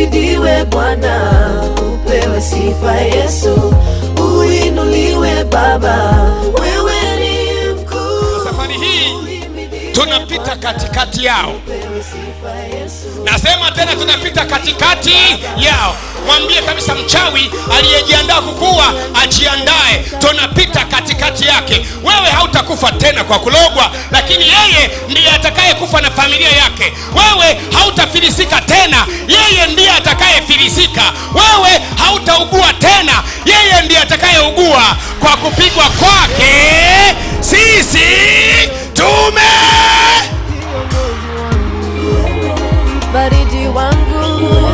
Uhimidiwe Bwana, upewe sifa Yesu, uinuliwe Baba, wewe ni mkuu. Safari hii tunapita katikati yao, nasema tena, tunapita katikati yao. Mwambie kabisa mchawi aliyejiandaa kukua ajiandae, tunapita katikati yake. Wewe hautakufa tena kwa kulogwa, lakini yeye ndiye atakayekufa na familia yake. Wewe hautafilisika tena, yeye amefanyika. Wewe hautaugua tena, yeye ndiye atakayeugua kwa kupigwa kwake sisi tume wangu, baridi wangu